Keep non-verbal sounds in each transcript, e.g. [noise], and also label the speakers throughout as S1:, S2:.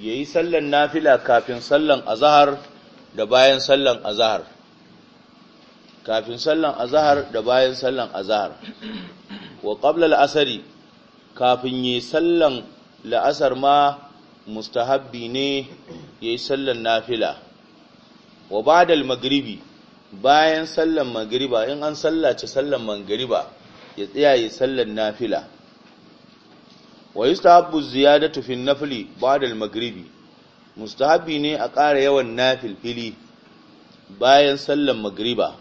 S1: yayi sallan nafila kafin sallan azhar da bayan sallan azhar kafin sallan azhar da bayan sallan azhar wa qabla al-asri kafin yayi sallan la'asar ma mustahabbi ne yayi sallan nafila wa ba'da al-maghribi bayan sallan magriba in an sallace sallan magriba ya tsaya yayi sallan nafila wa yustahabbu ziyadatu fi an-nafli ba'da al-maghribi mustahabi ne a ƙara yawan nafilfili bayan sallan magriba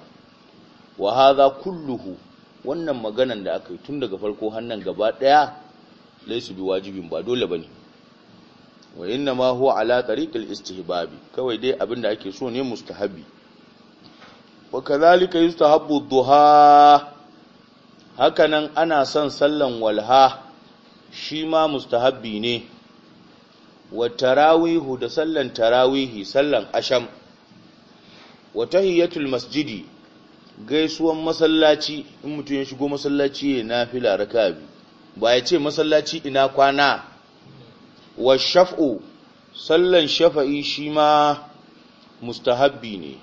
S1: wa hadha kulluhu wannan maganan da aka yi tun daga farko hannan gaba daya laysu bi wajibin ba dole bane wa inna ma huwa ala tariqil istihbabi kawai dai abinda ake so ne mustahabi wa kadhalika yustahabbu duha hakanan ana son sallan walha shi ma mustahabbi ne wa tarawihu da sallan tarawihi sallan asham wa tahiyatul masjidi gaisuwan masallaci in mutum ya shigo masallaci ya nafila rakabi ba ya ce masallaci ina kwana wa shaf'u sallan shafa'i shi ma mustahabbi ne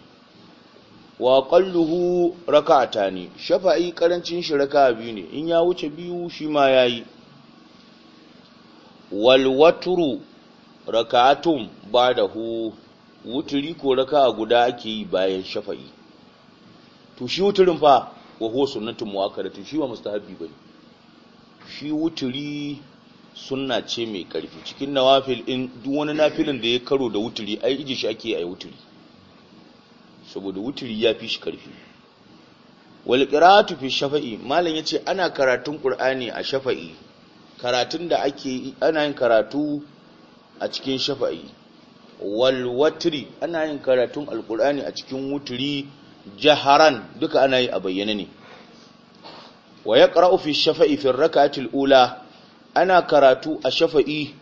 S1: wa qalluhu raka'atani shafa'i karancin shi raka'a biyu ne in ya wuce biyu shi ma yayi walwaturu raka'atun ba da hu wuturi ko raka'a guda ake yi bayan shafa'i to shi wuturin fa wa huwa sunnatun mu'akkadatun shi wa mustahabbi bane shi wuturi sunna ce mai karfi cikin nawafil in duk wani nafilin da ya karo da wuturi ai iji shi ake ai wuturi saboda wuturi ya fi shi karfi wal qira'atu fi shafa'i malam yace ana karatun qur'ani a shafa'i karatun da ake ana yin karatu a cikin shafa'i wal watri ana yin karatun alqur'ani a cikin wuturi jaharan duka ana yi a bayyane ne wa yaqra'u fi shafa'i fi rak'atil ula ana karatu a shafa'i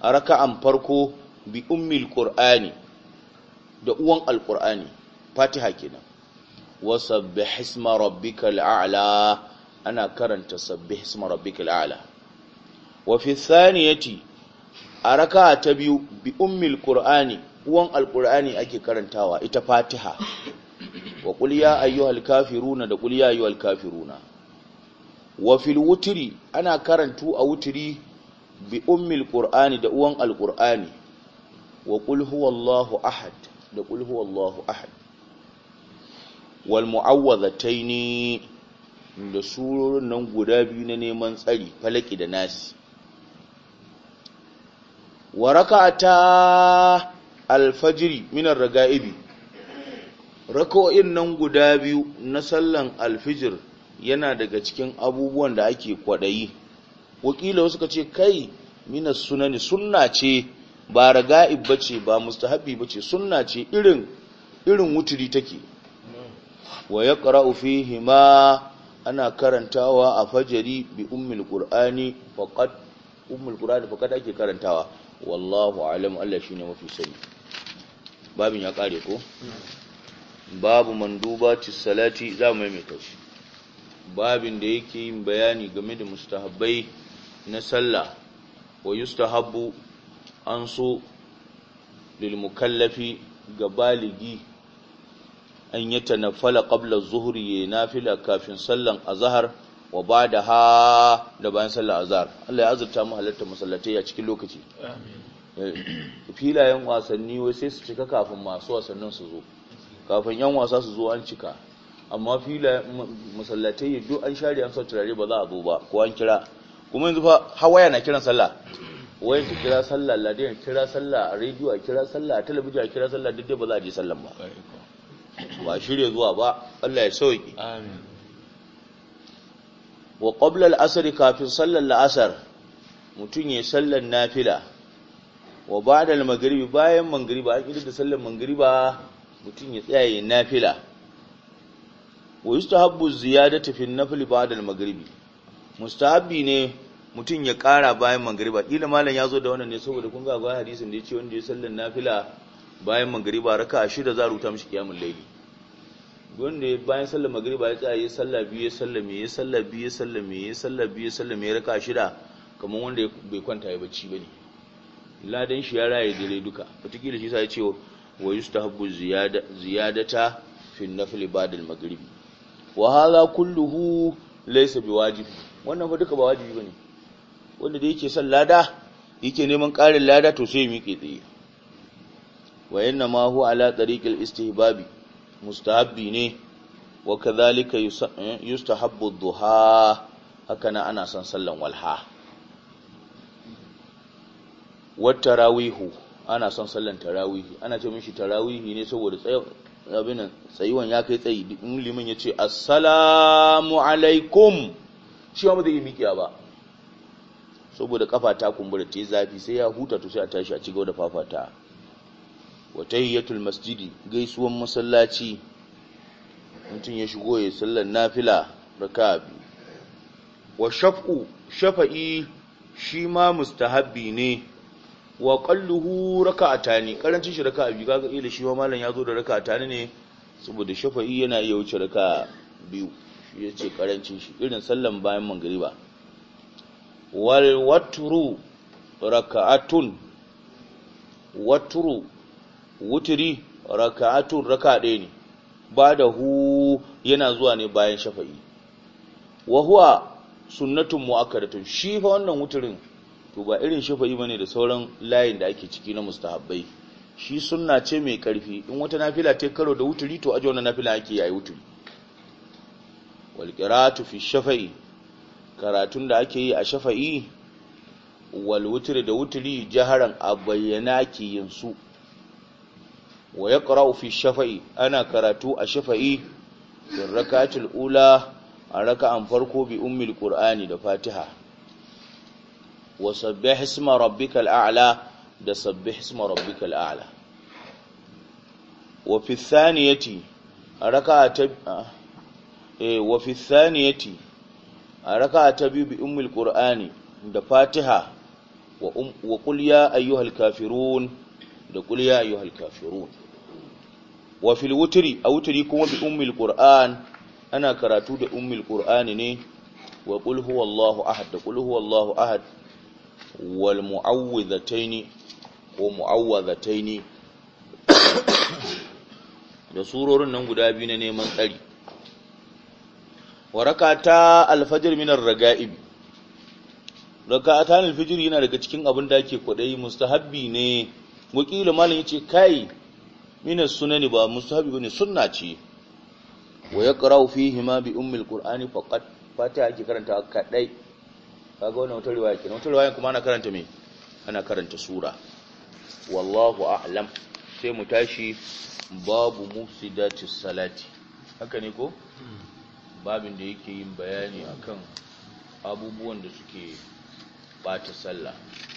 S1: a raka'an farko bi ummil qur'ani da uwan alqur'ani fatiha kenan wa sabbih isma rabbikal a'la ana karanta sabbih isma rabbikal a'la wa fi a raka'a ta biyu bi ummil qur'ani uwan alqur'ani ake karantawa ita fatiha wa qul ya ayyuhal kafiruna da qul ya ayyuhal kafiruna wa wutri ana karantu a wutri bi ummil qur'ani da uwan alqur'ani wa qul huwallahu ahad da qul huwallahu ahad wal mu'awwadhataini da surorin nan guda biyu na neman tsari falaki da nasi wa raka'ata alfajiri minar raga'ibi raka'o'in nan guda biyu na sallan alfijir yana daga cikin abubuwan da ake kwaɗayi wakila suka ce kai minas sunani sunna ce ba raga'ib bace ba mustahabi bace sunna ce irin irin wuturi take wa yaqra'u fihi ma ana karantawa a fajari bi ummul qur'ani faqat ummul qur'ani faqat ake karantawa wallahu alam Allah shi ne mafi sani babin ya kare ko babu mandubati salati za mu maimaita shi babin da yake yin bayani game da mustahabbai na sallah wa yustahabbu an so lil ga baligi an yi fala qabla zuhri ya nafila kafin sallan azhar wa ba da ha da bayan sallar azhar Allah ya azurta mu halarta masallatai a cikin lokaci eh, filayen wasanni wai sai su cika kafin masu wasannin su zo kafin yan wasa su zo an cika amma filayen masallatai duk an share an sa turare ba za a zo ba ko an kira kuma yanzu fa hawaya na kiran sallah wayan ta kira sallah ladin kira sallah a rediyo a kira sallah a talabijin a kira sallah duk dai ba za a je sallan ba ba shirye zuwa ba Allah ya sauki amin wa qabla al-asr kafin sallar la'asar mutun ya sallar nafila wa ba'da al-maghribi bayan a an da sallar maghriba mutun ya tsaye nafila wa yustahabbu ziyadatu fi an-nafli ba'da al-maghribi mustahabbi ne mutun ya ƙara bayan maghriba kila malam yazo da wannan ne saboda kun ga ga hadisin da yace wanda ya sallar nafila bayan maghriba raka'a shida za ruta mishi qiyamul layli wanda ya bayan sallar magriba ya tsaya ya sallah biyu ya Me ya sallah biyu ya Me ya sallah biyu ya Me ya raka shida kamar wanda bai kwanta ya bacci bane ladan shi ya raye dare duka fatikila shi sa ya ce wa yustahabbu ziyadata fi nafli ba'da al-maghribi wa hadha kulluhu laysa biwajib wannan fa duka ba wajibi bane wanda da yake son lada yake neman ƙarin lada to sai ya miƙe tsaye wa inna ma huwa ala tariqil istihbabi mustahabbi ne wa kadhalika eh, yustahabbu duha haka nan ana son sallan walha wa tarawihu ana son sallan tarawihi ana ce mishi tarawihi ne saboda abin tsayuwan ya kai tsayi in liman ya ce assalamu alaikum shi ba zai yi mikiya ba saboda kafa ta kumbura ta yi zafi sai ya huta to sai a tashi a cigaba da fafata wa tahiyatul masjidi gaisuwan masallaci mutum ya shigo ya sallar nafila raka biyu wa shaf'u shafa'i shi ma mustahabbi ne wa qalluhu raka'atani karancin shi raka biyu kaga ila shi ma mallan ya zo da raka'atani ne saboda shafa'i yana iya wuce raka biyu shi yace karancin shi irin sallan bayan magriba wal watru raka'atun watru Wuturi, raka'atun raka ɗaya ne ba da hu yana zuwa ne bayan shafa'i wa huwa sunnatun mu'akkadatun shi fa wannan wuturin, to ba irin shafa'i bane da sauran layin da ake ciki na mustahabbai shi sunna ce mai karfi in wata nafila ta karo da wuturi to aje wannan nafila ake yayi wuturi wal qira'atu fi shafa'i karatun da ake yi a shafa'i wal wutri da wuturi jaharan a bayyana ke yin wa yaqra'u fi shafa'i ana karatu a shafa'i fil rak'atil ula a raka an farko bi ummil ƙur'ani da fatiha wa sabbih isma rabbikal a'la da sabbih isma rabbikal a'la wa fi thaniyati raka'a ta eh wa fi thaniyati raka'a ta bi ummil ƙur'ani da fatiha um, wa qul ya ayyuhal kafirun da qul ya ayyuhal kafirun wa fil wutri a wutri kuma bi ummil qur'an ana karatu da ummil qur'ani ne wa qul huwallahu ahad da qul huwallahu ahad wal mu'awwidhataini ko mu'awwidhataini [coughs] da surorin nan guda biyu na neman tsari wa rakata alfajr min ar-raga'ib rakatan alfajr yana daga cikin abin da ake kwadai mustahabbi ne wakilu malam yace kai mina sunani ba ba bane sunna ce wa yaqra'u fihi ma bi ummil qur'ani faqat ake karanta kadai kaga wannan wata riwaya kenan wata riwaya kuma ana karanta me ana karanta sura wallahu a'lam sai mu tashi babu mufsidati salati haka ne ko babin da yake yin bayani akan abubuwan da suke bata sallah